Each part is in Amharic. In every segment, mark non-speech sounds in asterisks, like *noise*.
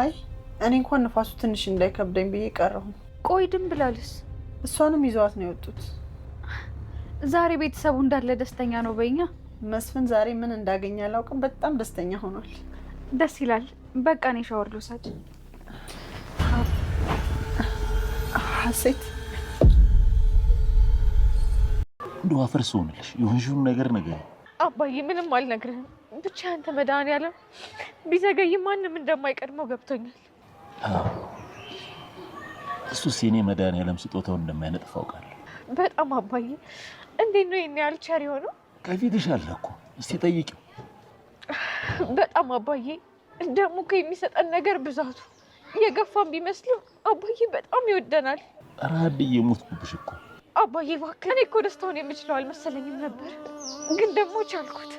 አይ እኔ እንኳን ንፋሱ ትንሽ እንዳይከብደኝ ብዬ ቀረሁ። ቆይ ድም ብላለስ? እሷንም ይዘዋት ነው የወጡት። ዛሬ ቤተሰቡ እንዳለ ደስተኛ ነው። በኛ መስፍን ዛሬ ምን እንዳገኘ አላውቅም፣ በጣም ደስተኛ ሆኗል። ደስ ይላል። በቃ እኔ ሻወር ልውሰድ። ሀሴት ድዋ አፈር ሆንልሽ የሆንሽውን ነገር ነገር አባዬ ምንም አልነግርህም። ብቻ አንተ መድኃኒዓለም ቢዘገይም ማንም እንደማይቀድመው ገብቶኛል። እሱስ የኔ መድኃኒዓለም ስጦታውን እንደማይነጥፍ አውቃለሁ። በጣም አባዬ፣ እንዴት ነው ይሄን ያህል ቸር የሆነው? ከፊትሽ አለ እኮ እስቲ ጠይቂው። በጣም አባዬ፣ ደግሞ እኮ የሚሰጠን ነገር ብዛቱ የገፋን ቢመስሉ አባዬ በጣም ይወደናል። ራድዬ ሞትኩብሽ እኮ አባዬ እባክህ። እኔ እኮ ደስታውን የምችለው አልመሰለኝም ነበር፣ ግን ደግሞ ቻልኩት።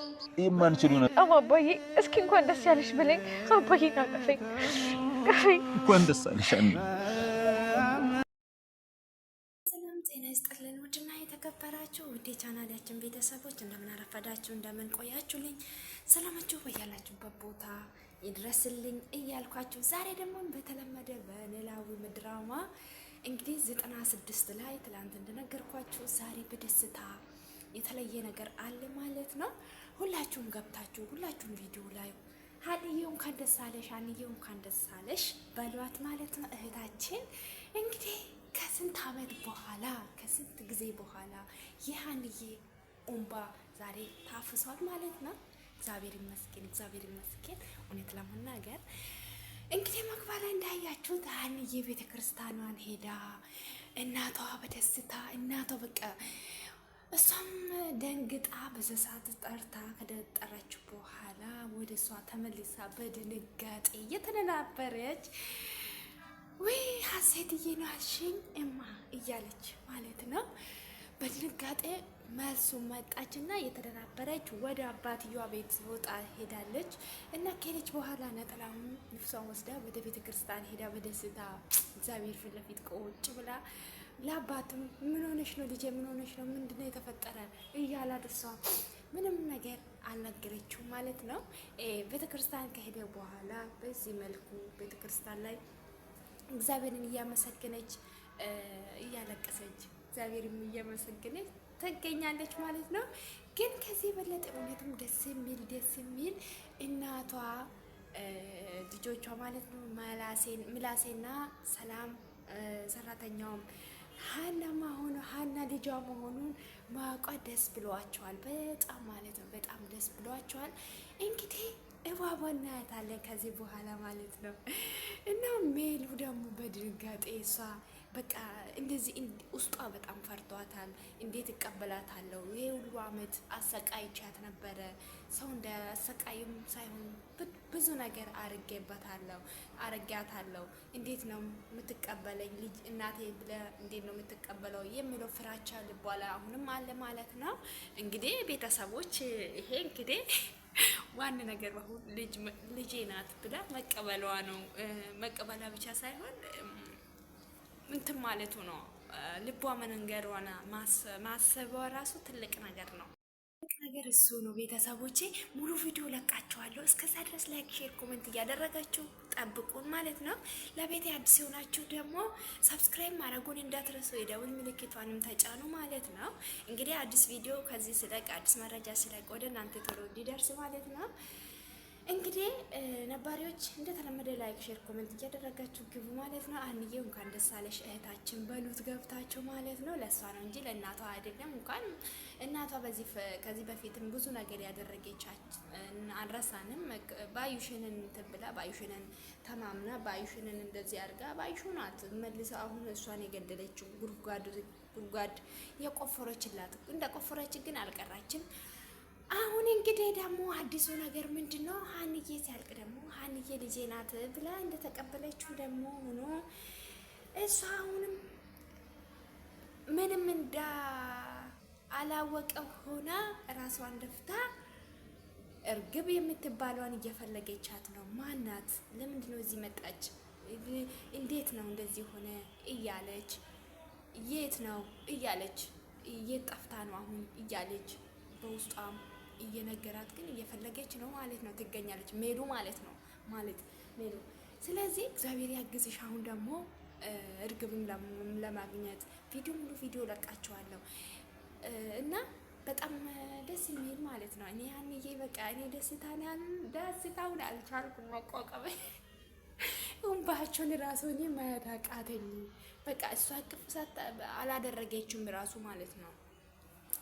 የማንችሉ ነበር። አባዬ፣ እስኪ እንኳን ደስ ያለሽ ብለኝ። አባዬ ና እንኳን ደስ ያለሽ። ሰላም የተከበራችሁ ውዴ ቻናላችን ቤተሰቦች እንደምን አረፈዳችሁ፣ እንደምን ቆያችሁልኝ? ሰላማችሁ በያላችሁበት ቦታ ይድረስልኝ እያልኳችሁ ዛሬ ደግሞ በተለመደ በኖላዊ ድራማ እንግዲህ ዘጠና ስድስት ላይ ትላንት እንደነገርኳችሁ ዛሬ በደስታ የተለየ ነገር አለ ማለት ነው። ሁላችሁም ገብታችሁ ሁላችሁም ቪዲዮ ላይ ሀንዬ እንኳን ደስ አለሽ፣ ሀንዬ እንኳን ደስ አለሽ በሏት ማለት ነው። እህታችን እንግዲህ ከስንት ዓመት በኋላ ከስንት ጊዜ በኋላ የሀንዬ ኡምባ ዛሬ ታፍሷል ማለት ነው። እግዚአብሔር ይመስገን፣ እግዚአብሔር ይመስገን እውነት ለመናገር እንግዲህ መግባላ እንዳያችሁት ሀንዬ ቤተ ክርስቲያኗን ሄዳ እናቷ በደስታ እናቷ በቃ እሷም ደንግጣ በዛ ሰዓት ጠርታ ከደጠረች በኋላ ወደ እሷ ተመልሳ በድንጋጤ እየተነናበረች ወይ ሀሴትዬ ናሽኝ እማ እያለች ማለት ነው በድንጋጤ መጣች እና የተደራበረች ወደ አባትየዋ ቤት ወጣ ሄዳለች እና ከሄደች በኋላ ነጠላውን ልብሷን ወስዳ ወደ ቤተ ክርስቲያን ሄዳ በደስታ እግዚአብሔር ፊት ለፊት ቆጭ ብላ ለአባትም ምን ሆነሽ ነው ልጄ? ምን ሆነሽ ነው? ምንድነው የተፈጠረ? እያላት እሷ ምንም ነገር አልነገረችው ማለት ነው። ቤተ ክርስቲያን ከሄደ በኋላ በዚህ መልኩ ቤተ ክርስቲያን ላይ እግዚአብሔርን እያመሰገነች እያለቀሰች እግዚአብሔርም እያመሰገነች ትገኛለች ማለት ነው። ግን ከዚህ የበለጠ እውነትም ደስ የሚል ደስ የሚል እናቷ ልጆቿ ማለት ነው ምላሴና ሰላም ሰራተኛውም ሀና መሆኑ ሀና ልጇ መሆኑን ማቋ ደስ ብሏቸዋል። በጣም ማለት ነው በጣም ደስ ብሏቸዋል። እንግዲህ እባቧ እናያታለን ከዚህ በኋላ ማለት ነው እና ሜሉ ደግሞ በድንጋጤ እሷ በቃ እንደዚህ ውስጧ በጣም ፈርቷታል። እንዴት እቀበላታለሁ? ይሄ ሁሉ አመት አሰቃይቻት ነበረ። ሰው እንደ አሰቃይም ሳይሆን ብዙ ነገር አርጌበታለሁ አርጌያታለሁ። እንዴት ነው የምትቀበለኝ ልጅ እናቴ ብለ እንዴት ነው የምትቀበለው የሚለው ፍራቻ ልቧ ላይ አሁንም አለ ማለት ነው። እንግዲህ ቤተሰቦች ይሄ እንግዲህ ዋን ነገር ልጄ ናት ብላ መቀበሏ ነው። መቀበሏ ብቻ ሳይሆን እንትን ማለቱ ነው። ልቧ መንገድ ሆነ ማሰቧ ራሱ ትልቅ ነገር ነው። ትልቅ ነገር እሱ ነው። ቤተሰቦቼ ሙሉ ቪዲዮ ለቃችኋለሁ። እስከዛ ድረስ ላይክ፣ ሼር፣ ኮሜንት እያደረጋችሁ ጠብቁን ማለት ነው። ለቤት አዲስ የሆናችሁ ደግሞ ሰብስክራይብ ማድረጉን እንዳትረሱ፣ የደውል ምልክቷንም ተጫኑ ማለት ነው። እንግዲህ አዲስ ቪዲዮ ከዚህ ስለቅ አዲስ መረጃ ስለቅ ወደ እናንተ ቶሎ እንዲደርስ ማለት ነው እንግዲህ ነባሪዎች እንደተለመደ ላይክ፣ ሼር፣ ኮመንት እያደረጋችሁ ግቡ ማለት ነው። አንዬ እንኳን ደስ አለሽ እህታችን በሉት ገብታችሁ ማለት ነው። ለእሷ ነው እንጂ ለእናቷ አይደለም። እንኳን እናቷ በዚህ ከዚህ በፊትም ብዙ ነገር ያደረገቻችን አንረሳንም። ባዩሽንን እንትን ብላ ባዩሽንን ተማምና ባዩሽንን እንደዚህ አድርጋ ባዩሽ ናት መልሰ አሁን እሷን የገደለችው ጉድጓድ የቆፈረችላት እንደ ቆፈረች ግን አልቀራችም። አሁን እንግዲህ ደግሞ አዲሱ ነገር ምንድን ነው? ሀንዬ ሲያልቅ ደግሞ ሀንዬ ልጄ ናት ብላ እንደተቀበለችው ደግሞ ሆኖ እሱ አሁንም ምንም እንዳ አላወቀ ሆና ራሷን ደፍታ እርግብ የምትባለዋን እየፈለገቻት ነው። ማናት? ለምንድን ነው እዚህ መጣች? እንዴት ነው እንደዚህ ሆነ? እያለች የት ነው እያለች የት ጠፍታ ነው አሁን እያለች በውስጧም እየነገራት ግን እየፈለገች ነው ማለት ነው ትገኛለች ሜሉ ማለት ነው ማለት ሜሉ። ስለዚህ እግዚአብሔር ያግዝሽ። አሁን ደግሞ እርግብም ለማግኘት ቪዲዮ ሙሉ ቪዲዮ ለቃቸዋለሁ እና በጣም ደስ የሚል ማለት ነው። እኔ ያንዬ በቃ እኔ ደስታ ደስታውን አልቻልኩም መቋቋም *laughs* እንባቸውን ራሱ እኔ ማየት አቃተኝ። በቃ እሷ አቅፍ አላደረገችም ራሱ ማለት ነው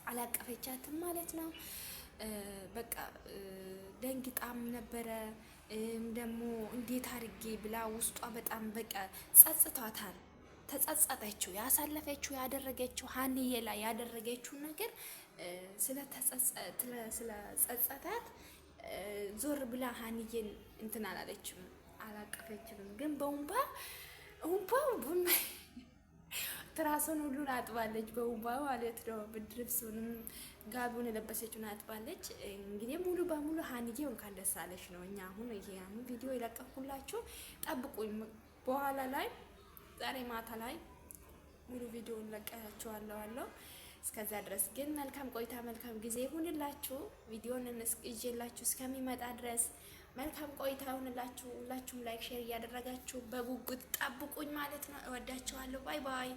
አላቀፈቻትም ማለት ነው። በቃ ደንግጣም ነበረ። ደግሞ እንዴት አድርጌ ብላ ውስጧ በጣም በቃ ጸጽቷታል። ተጸጸተችው። ያሳለፈችው ያደረገችው ሀንዬ ላይ ያደረገችው ነገር ስለጸጸታት ዞር ብላ ሀንዬን እንትን አላለችም፣ አላቀፈችም። ግን በውንባ ውንባ ትራሱን ሁሉን አጥባለች። በውንባ ማለት ነው ብድርብሱንም ጋቢውን የለበሰችውን አጥባለች። እንግዲህ ሙሉ በሙሉ ሀንዬ እንኳን ደስ አለሽ ነው። እኛ አሁን ይሄ አሁን ቪዲዮ የለቀኩላችሁ ጠብቁኝ። በኋላ ላይ ዛሬ ማታ ላይ ሙሉ ቪዲዮውን ለቀያችኋለሁ። እስከዛ ድረስ ግን መልካም ቆይታ መልካም ጊዜ ይሁንላችሁ። ቪዲዮን ይዤላችሁ እስከሚመጣ ድረስ መልካም ቆይታ ይሁንላችሁ። ሁላችሁም ላይክ፣ ሼር እያደረጋችሁ በጉጉት ጠብቁኝ ማለት ነው። እወዳችኋለሁ። ባይ ባይ።